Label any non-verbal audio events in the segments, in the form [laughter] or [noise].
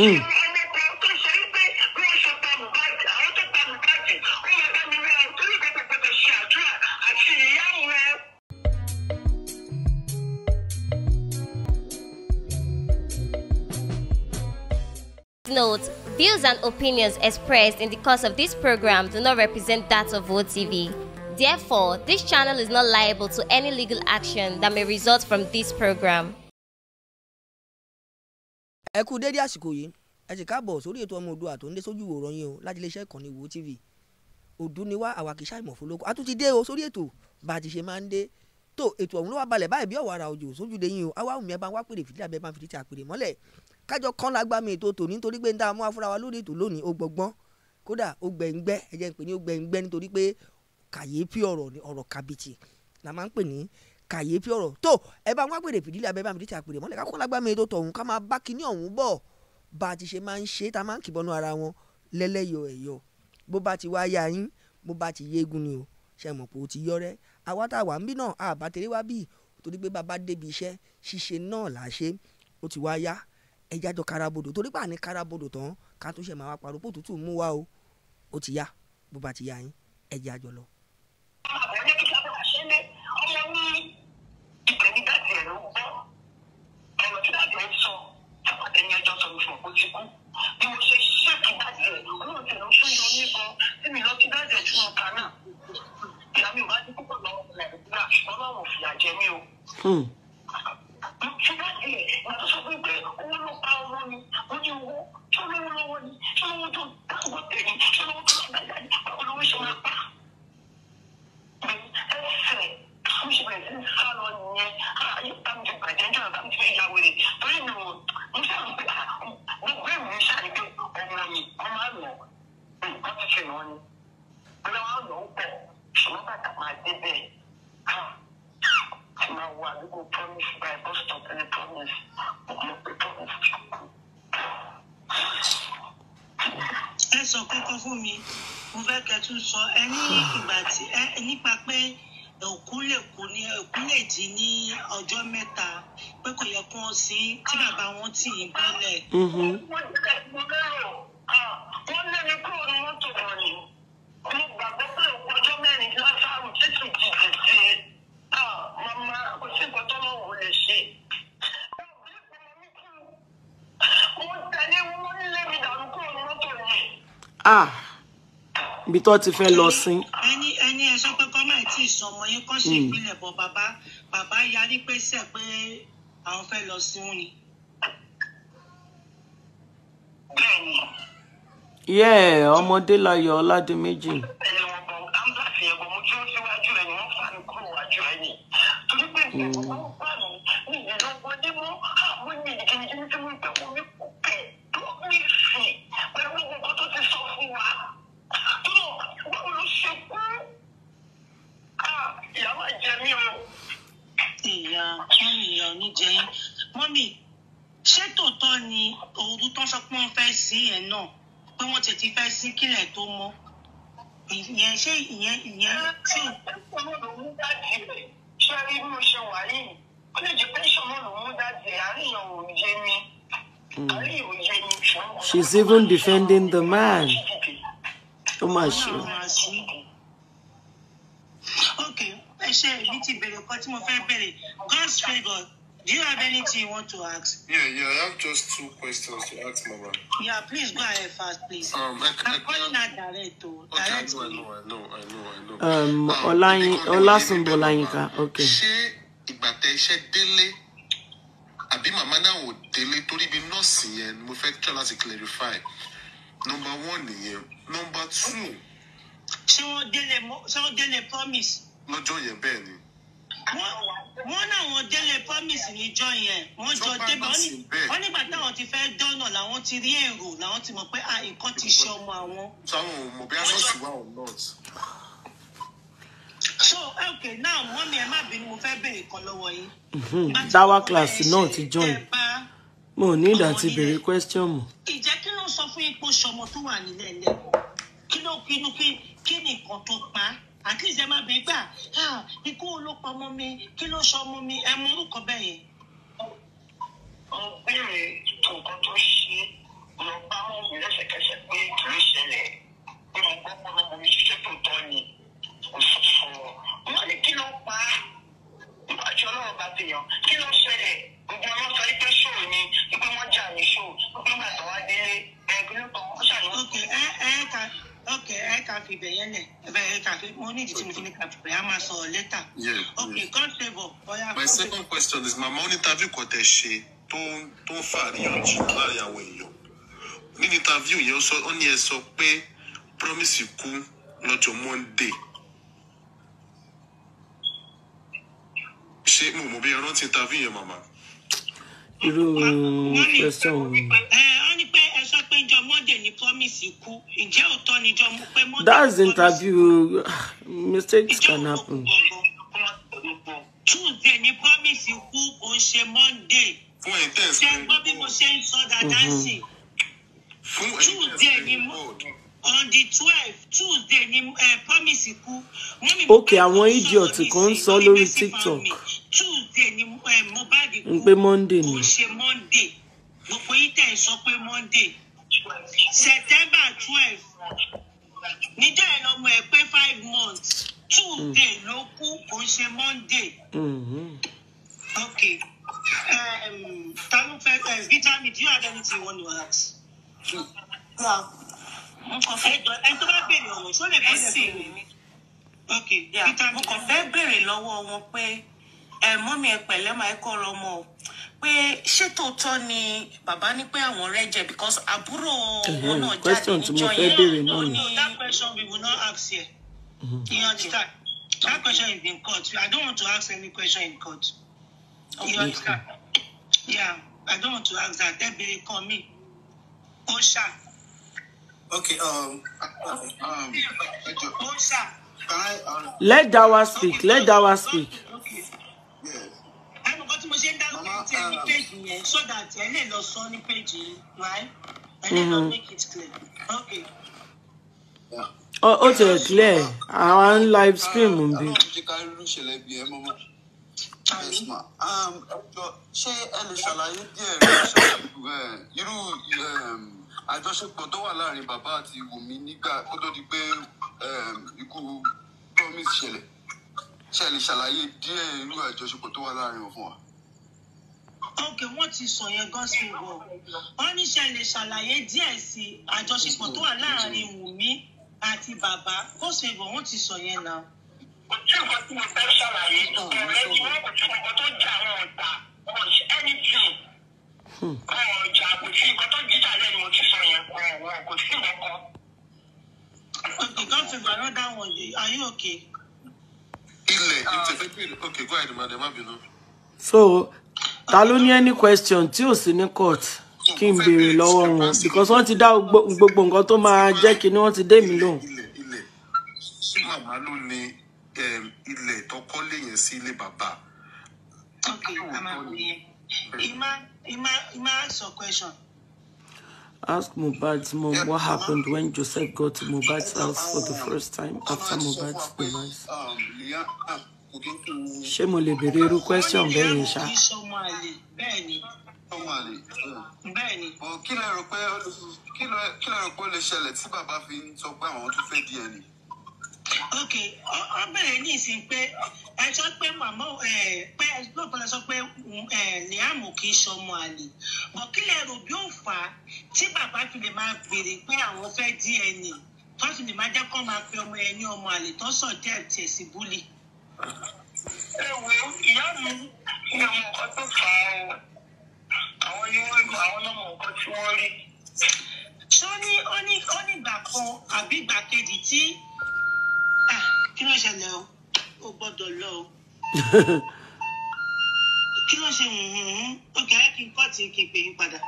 Mm. Note, views and opinions expressed in the course of this program do not represent that of OTV. Therefore, this channel is not liable to any legal action that may result from this program. ẹ kú dédé àsìkò yìí ẹ sì káàbọ̀ sórí ètò ọmọ Oòduà tó ń dé sójú ìwòran yín o láti iléeṣẹ́ ìkànnì Wo TV òdu ni wá àwa kì a tún ti dé o sórí ètò bá a ti ṣe máa ń dé tó ètò ọ̀hún ló wá balẹ̀ báyìí bí ọ̀wọ́ ara òjò sójú de yín o àwa òmìnira bá ń wá pèrè fìdí abẹ́ bá fìdí tí a pèrè mọ́lẹ̀ kájọ kan lágbá mi ètò tòní nítorí pé ń dá amú afúnra wa lórí ètò lónìí ó gbọgbọ́n kódà ó gbẹ̀ngbẹ́ ẹ jẹ́ ń pè ní ó gbẹ̀ngbẹ́ nítorí pé kàyéfì ọ̀rọ̀ ọ̀rọ̀ kàbìtì la máa ní kàyéfì ọ̀rọ̀ tó ẹ bá wọn àpèrè fìdílé abẹ́ bá mi dìtẹ̀ àpèrè mọ́lẹ̀ kákó lágbá mi tó tọ̀hún ká máa bá kinní ọ̀hún bọ̀ bá a ti ṣe máa ń ṣe é ta máa ń kìbọnú ara wọn lẹ́lẹ́yọ̀ ẹ̀yọ̀ bó bá ti wá yá yín bó bá ti yégun ni o ṣe mọ̀ pé o ti yọ rẹ́ àwa tá a wà ń bí náà àbá tèrè wá bí torí pé bàbá débi iṣẹ́ ṣíṣe náà là ṣe ó ti wá yá ẹja jọ karabodò torí pàní karabodò tán ká tó ṣe máa wá parọ́ pòtútù mú wa o ó ti yá bó bá ti yá yín ẹja jọ lọ. sí ìka náà ìyá mi bá dín púpọ̀ lọ́wọ́ nàìjíríà ọlọ́run fìyà jẹ mí o. ṣé láti ẹ̀ tó sọ pé owó ló pa owó ni ó ní owó tó lówó lọ́wọ́ ni tó lówó tó dáwọ́ tẹ̀ ni tó tó. òkú lè kú ní òkú lè jí ní ọjọ́ mẹ́ta pé kò yẹ kí wọ́n sí tí bàbá wọn tì í bọ́lẹ̀. mo lérò wọ́n lé mi kúrò ní mọ́tò wọn ni mo gbàgbọ́ pé òkú ọjọ́ mẹ́rin lásàrò jésù jìjì sí i màmá kò sí nǹkan tó lọ́wọ́ wò lè ṣe. mo tẹ̀lé wọ́n lé mi dànù kúrò ní mọ́tò yìí. Ah, ibi tó ti fẹ́ lọ sí yín kọ́ ṣe hmm. ìpínlẹ̀ bọ̀ bàbá bàbá yarí pé sẹ́ pé àwọn fẹ́ lọ sí òun ni. yẹ ọmọdé láyọ̀ ọládìméjì. àmì láti ẹ̀gbọ́n ìyá mọ́mì ìyá oníjẹyìn mọ́mì ṣé tòótọ́ ni òru tó sọ pé wọ́n fẹ́ sí ẹ̀ náà pé wọ́n ti ti fẹ́ sí kílẹ̀ tó mọ́ ìyẹn ṣé ìyẹn ìyẹn tí. ṣé bí mo ṣe wà yìí ó lè jẹ́ pé ṣọmọ lòún mú dáadé àárín ọ̀hún yé mi. She's even defending the man. Ó mà ṣe iṣẹ́ èmi ti bèrè ọkọ tí mo fẹ́ bèrè God's favour do you have anything you want to ask. yeah yeah I have just two questions to ask mama. yeah please go ahead fast please. Um, I, I, I'm calling her direct o. Oh. Okay, direct I know, I know, I know, I know. Um, Ọláyin Ọlásùnbọ̀ Ọláyínká okay. ṣé ìgbà tẹ iṣẹ́ délé àbí màmá náà ò délé torí bí nọ́ọ̀sì yẹn ni mo fẹ́ try láti clarify number one nìyẹn number two. ṣé wọ́n délé ṣé wọ́n délé promise lọ́jọ́ yẹn bẹ́ẹ̀ ni. wọ́n náà délé promise níjọ́ yẹn wọ́n jọ débẹ̀ wọ́n nígbà táwọn ti fẹ́ dọ́nà làwọn ti rí èrò làwọn ti mọ̀ pé ah, nǹkan ti ṣe ọmọ àwọn. sáwọn ò mọ̀ bí a nọ́ọ̀sì wà or not. so okay now mọ́mí ẹ má bínú mo fẹ́ béèrè kan lọ́wọ́ yín. dáwà mhm. kíláàsì náà ti join mo ní ìdá ti béèrè question mu. ìjẹ́ kí ló sọ fún ipò ṣọmọ tó wà nílẹ̀ lẹ́kọ̀ọ́ kí ló kí ló kí nìkan tó pa á àti ìṣe máa bí gbà ikú olópa ọmọ mi kí ló sọ ọmọ mi ẹ mú orúkọ bẹ́ẹ̀ yẹn. mo béèrè nǹkan tó ṣe lọ bá wọn wí lẹ́sẹ̀kẹsẹ̀ pé kì í ṣẹlẹ̀ pé mo gbọ́ pé ọmọ mi ṣiṣẹ́ tó tọ́ ni kò sọ fún ọ. wọ́n ní kí ló pa àti ọlọ́run bá ti yàn kí ló ṣẹlẹ̀ gbogbo wọn sọ pé ṣòro ni pé wọ́n jà ní ṣòro pé wọ́n gbà tó wá délé ẹgbẹ́ wọ́n ṣàlùwọ́n ok ẹ kà fi ibẹ̀ lẹ̀ ẹ kà fi mo ní ìdí tí mo fi ní kà fi ibẹ̀ a máa sọ later. ok God favour bóyá. my second question is màmá oníntàfíù kò tẹ̀ ṣe tó ń tó ń fa àríyànjiyàn láàrin àwọn èèyàn nínú ìntàfíù yẹn sọ ó ní ẹ sọ pé promise kú lọ́jọ́ monday ṣé mo mọ̀ bí ẹ rántí ìntàfíù yẹn màmá. irú question. ẹ ọ ní pé that's interview mistakes can happen. Okay, ni promise kú òun ṣe monday àwọn idiot kan ń sọ lórí tiktok. tuesday ni eh, monday ni gbogbo sọ pé monday september twelve níjọ́ ẹ̀ lọ́mọ ẹ̀ pé five months Two day ló kú kò ń ṣe monday. Mm-hmm. ok um, ta ló fẹ́ vitamin um, do you have anything you wan to ask. ẹ tó bá béèrè ọ̀rọ̀ sólè kó lè béèrè mi. mo kàn fẹ́ béèrè lọ́wọ́ wọn pé um, mọ́mí ẹ pẹ̀lẹ́ máa kọ́ ọ̀rọ̀ ọmọ o pé ṣé tòótọ́ ni bàbá ní pé àwọn rẹ jẹ because àbúrò wọn náà jáde níjọ yẹn ló ní. that question we will not ask here. Mm-hmm. you that question is in court I don't want to ask any question in court. Okay. you yeah I don't want to ask that ẹ bèrè kan mi ó okay um, um, um, let dawa speak let dawa speak. yẹn so that ẹ lè lọ sọ ní péjì yìí right ẹ lè lọ mm-hmm. make it clear okay. ó ti rẹ̀ clear àwa ń live stream ń ah, bí. àwọn ọmọdé kárí ló ṣẹlẹ̀ bí ẹ mọ́mọ́. Um, ṣé ẹ lè ṣàlàyé díẹ̀ rẹ̀ irú eh, um, àjọṣepọ̀ tó wà láàrin bàbá àti Wùmí nígbà kó tó di pé um, ikú promise ṣẹlẹ̀ ṣe lè ṣàlàyé díẹ̀ irú àjọṣepọ̀ tó wà láàrin wọn fún wa ok wọ́n ti sọ yẹn gospel wọ wọ́n ní ṣe lè ṣàlàyé díẹ̀ sí àjọṣepọ̀ tó wà láàrin Wùmí àti bàbá gospel wọ wọ́n ti sọ yẹn náà. kò tí ò kọ́ tí mo fẹ́ ṣàlàyé ọ̀rẹ́ ni wọ́n kò tí ò kọ́ tó jà wọn ọ̀tá wọn ṣe anything hmm. wọn ọjà kò tí ò kọ́ tó jíjà lẹ́nu mo ti sọ yẹn wọn kò tí ò kọ́. ok gospel wọ another one are you okay. ilẹ̀ ah. ìtẹ̀fẹ́ bèrè ok go ahead madam abinu. so ta ló ní any question tí ò sí ní court kí n béèrè lọ́wọ́ wọn because wọ́n ti dá gbogbo nǹkan tó máa jẹ́ kí ni wọ́n ti dé mi lóhùn. ṣé màmá ló ní ehm, ilẹ̀ ìtọ́kọ́lé yẹn sí ilé bàbá. ask your question. Ask Mubad's mom what happened when Joseph got to Mubad's house for the um, first time after Mubad's demise ṣé mo lè béèrè irú question bẹ́ẹ̀ yẹn ṣá. kí lè rò pé ó lè ṣẹlẹ̀ tí bàbá fi ń sọ pé àwọn tó fẹ́ díẹ̀ ni. ok ọ bẹ̀rẹ̀ ní ìsìn pé ẹ sọ pé màmá pé lóòótọ́ lẹ sọ pé Liam kì í ṣọmọ àlè bọ̀ kí lè rò bí ó fà á tí bàbá fi lè máa béèrè pé àwọn fẹ́ díẹ̀ ni tó sì lè máa jẹ́ kó máa pe ọmọ ẹni ọmọ àlè tó sọ̀ díẹ̀ tiẹ̀ sí búlì ewu ìyá mi ní ọmọ ọkọ tó fà á o àwọn ni wọn lò àwọn ọmọ ọkọ tí wọn rí. ṣó ní ó ní ó ní ìgbà kan àbí ìgbà kejì tí kí ló ṣẹlẹ̀ o ò gbọ́dọ̀ lọ o [laughs] kí ló ṣe hùhùn ó kẹ́rẹ́ kí n kọ́ tí kì í pè yín padà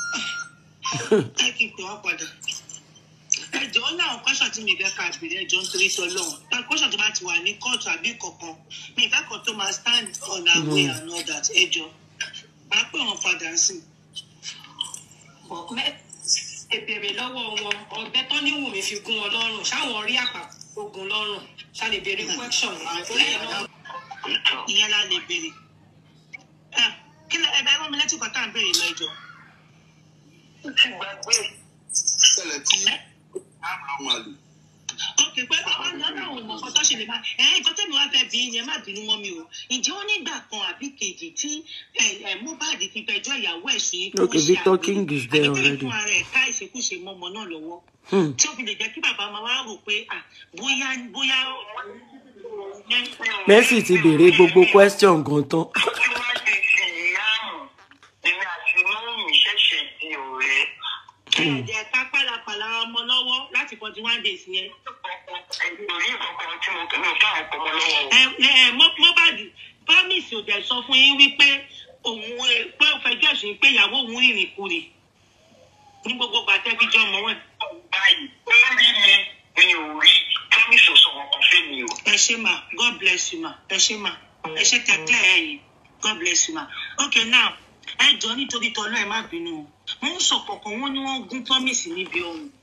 [laughs] ẹ kì í pè wọ́n padà ẹ jọ̀ọ́ ní àwọn kọ́ṣọ̀ tí mi fẹ́ ká bèrè ẹjọ́ nítorí tọ́lọ́run question tó bá ti wà ní kóòtù àbí kankan ní ìfẹ́ kan tó máa stand on our way mm-hmm. and all that ẹ jọ máa pè wọn padà sí i. ìbèrè lọ́wọ́ wọn ọgbẹ́ tó ní wùmí fi gún wọn lọ́rùn ṣáwọn rí àpàgùn lọ́rùn ṣá lè béèrè question orí ẹ̀ náà. ìyẹn la lè béèrè. Ah, kí ló ẹ bá wọ́n mi létí kan tá à ń béèrè lọ́jọ́. ìgbàgbé ṣẹlẹ̀ tí àwọn àlè ok pé ọlọ́run mọ̀ ṣe lè máa ẹ nǹkan tẹ́mi wá fẹ́ bí yẹn má bínú mọ́ mi o ǹjẹ́ ó nígbà kan àbí kejì tí Mohbad ti fẹjọ́ ìyàwó ẹ̀ sí ikú ṣe àbí àbí fún ara ẹ̀ ká ìṣekúṣe mọ́mọ́ náà lọ́wọ́ hmm. tí ó fi lè jẹ́ kí bàbá máa wá rò pé bóyá bóyá. Mercy ti béèrè gbogbo question gan tán. [laughs] èmi àti hmm. ká pàlàpàlà ọmọ náà àti forty one days yẹn. Mohbad promise ò sọ fún yín wípé òun pé ó fẹjọ́ ẹ̀sùn pé ìyàwó òun rìnrìn kùrì ní gbogbo gbàtẹ́bíjọ́ ọmọ wọn. báyìí ó rí mi mi ò rí promise ò sọ̀rọ̀ kan mi o. ẹ ṣé ma god bless you ma ẹ ṣé ma ẹ ṣé tẹ̀lé ẹ yìí god bless you ma okay now ẹ jọ nítorí tọ́lọ́ ẹ má bínú o ń sọ̀pọ̀ kan wọ́n ní wọ́n gún promise níbi ọ̀hún.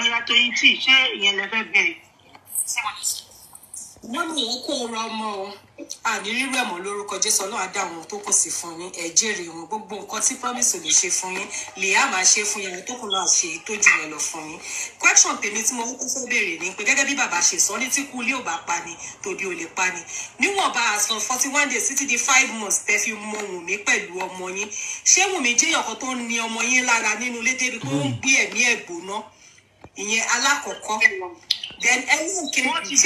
ọ̀rọ̀ àtọyìn tí ṣé ìyẹn lè fẹ́ bẹ̀rẹ̀. wọ́n ní òun kó ra ọmọ o àdírírú ẹ̀mọ́ lórúkọ jésù ọlọ́run adá àwọn tó kù sí fún yín ẹ jèrè wọn gbogbo nǹkan tí promise lè ṣe fún yín lè á máa ṣe fún yín tó kù náà ṣe tó jù yẹn lọ fún yín question tèmi tí mo kúkú fẹ́ béèrè ni pé gẹ́gẹ́ bí bàbá ṣe sọ ní tí kú ilé ò bá pa ni tòbí ò lè pa ni níwọ̀n bá a sọ forty one days títí di five months tẹ́ fi mọ Wùnmí pẹ̀lú ọmọ yín ṣé Wùnmí jẹ́yàn tó ń ni ọmọ yín lára nínú ilé débi tó ń gbé ẹ̀mí ẹ̀gbóná ìyẹn alákọ̀ọ́kọ́ then ẹlẹ́ẹ̀kejì tí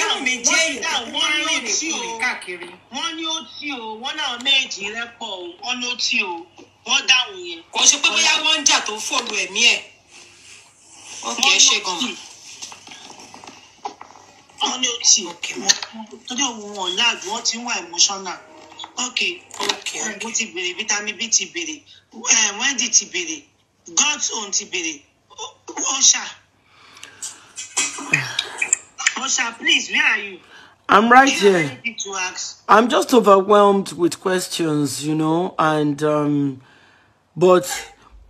àwọn méjì èèyàn tó ń rìn ìrìnkúrìn káàkiri. wọ́n ní ó tí o wọ́n náà méjì rẹ pọ̀ o wọ́n ló tí o wọ́n dáhùn yẹn. kò ṣe pé bóyá wọ́n ń jà tó fòlù ẹ̀mí ẹ̀ ó kì í ṣe gan-an wọ́n ní ó ti òkè mọ́ torí òun wọn láàbù wọ́n ti ń wà emotional ok ogun ti bèrè vitamin b ti bèrè eh, wendy ti bèrè god's own ti bèrè ó ṣà Osha, please, where are you? I'm right here. I'm just overwhelmed with questions, you know, and um, but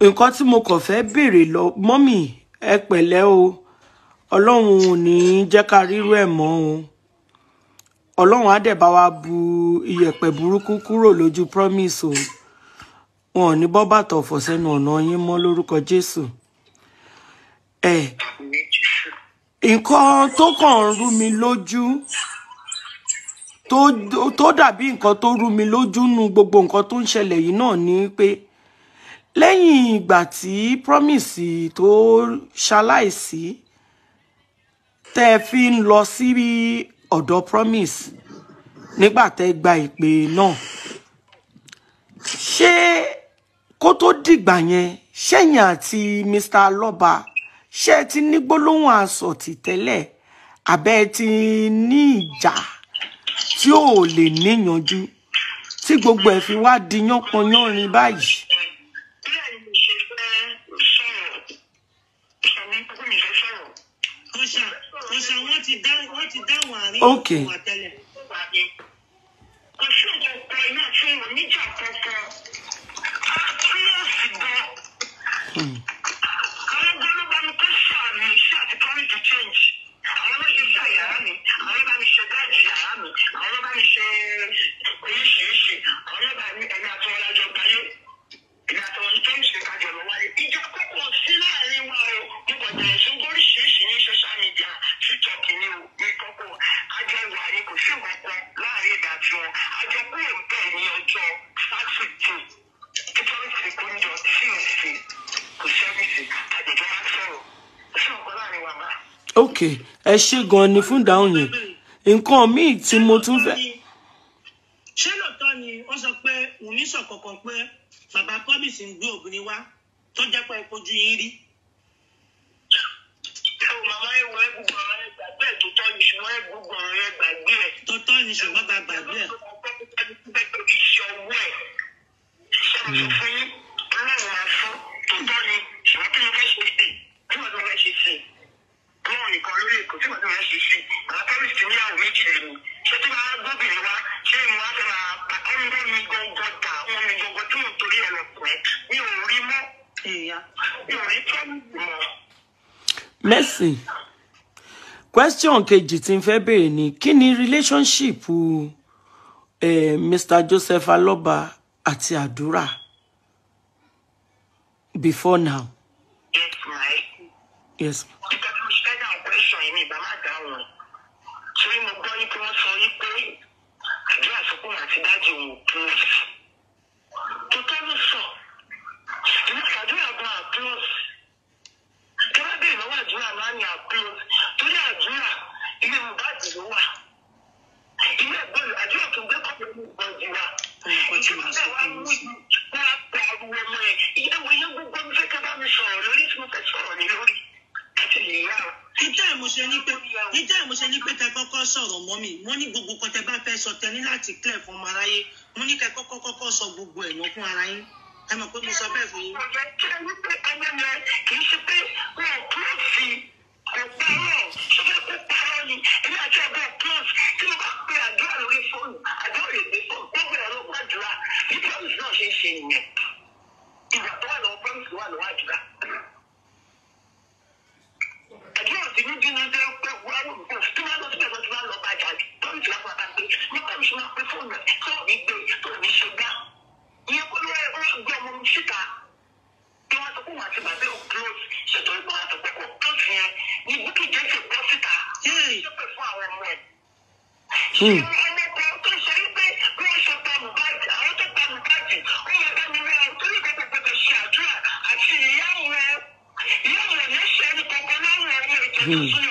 nǹkan tí mo kàn fẹ́ béèrè lọ mọ́mì o ọlọ́run ò ní jẹ́ ká rírú ẹ̀ mọ́ o ọlọ́run á dẹ̀ bá wa bu iyẹ̀pẹ̀ promise o o ò ní bọ́ bàtà ọ̀fọ̀ sẹ́nu ọ̀nà yín mọ́ lórúkọ nǹkan tó kàn ń rú mi lójú tó dàbí nǹkan tó rú mi lójú nu gbogbo nǹkan tó ń ṣẹlẹ̀ yìí náà ni pé lẹ́yìn ìgbà tí promise tó ṣaláìsí tẹ́ ẹ fi ń lọ sí ọ̀dọ̀ promise nígbà tẹ́ ẹ gba ìpè náà ṣé kó tó dìgbà yẹn ṣẹ́yìn àti Mr. Lọ́ba ṣé ẹ ti ní gbólóhùn àsọtì tẹ́lẹ̀ àbẹ́ ẹ ti ní ìjà tí ò lè níyanjú tí gbogbo ẹ̀ fi wá di yánpọnyánrin báyìí. ok. kò sí nǹkan kan iná fún oníjà kankan. ti promise to change àwọn ló ṣe ṣe àyàrá mi àwọn ló bá mi ṣe gáàjì yàrá mi àwọn ló bá mi ṣe oríṣiríṣi àwọn ló bá mi ẹni àtọwọlájọ gbáyé ẹni àtọwọlájọ tó ń ṣe kájọ lọ wáyé ìjà kókò sí láàrin wa o mo kàn jẹ̀rẹ̀ ok ẹ ṣe gan ni fún ìdáhùn yẹn nǹkan míì tí mo tún fẹ́. ṣé lóòótọ́ ni wọ́n sọ pé wùmí sọ kọ̀ọ̀kan pé bàbá promise ń gbé obìnrin wá tó jẹ́ pé ìpojú yín rí. màmá ẹ wọ ọ̀rọ̀ ẹ gbàgbé ẹ tó tọ́ ni ṣùgbọ́n ẹgbùgbọ ọ̀rọ̀ ẹ gbàgbé ẹ. tó tọ́ ni ṣùgbọ́n bàbá gbàgbé ẹ. ṣé mo sọ fún yín? Mercy question kejì tí n fẹ́ béèrè ni kí relationship eh, Mr. Joseph Aloba àti àdúrà before now. yes ma. Yes, ṣe ní pé níjà mo ṣe ní pé tẹ kọ́kọ́ sọ̀rọ̀ mọ́ mi mo ní gbogbo kan tẹ bá fẹ́ sọ tẹ ní láti clear fún ọmọ aráyé mo ní kẹ kọ́kọ́ kọ́kọ́ sọ gbogbo ẹ̀ lọ́kùn ara yín ẹ mọ̀ pé mo sọ bẹ́ẹ̀ fún yín. ni èmi àti ọgbẹ́ close tí mo bá pe àdúrà lórí fóònù àdúrà lè gbé ìgbà tó wà lọ́wọ́ promise wà lọ́wọ́ àdúrà àdúrà tí mi bí mi jẹ́ pé wàá wò ó tí wàá lọ síbẹ̀ lọ tí wàá lọ bá jáde lórí ìtura fún abágbé nípa mi ṣe máa pé fóònù rẹ̀ tó ò ní gbé tó ò ní ṣe gbá. ìyẹn kó ló rẹ̀ ó close ṣètò ìgbà wọn sọ pé close yẹn ní búkì jẹ́ ṣe gbọ́ síta. Hmm. Mm-hmm.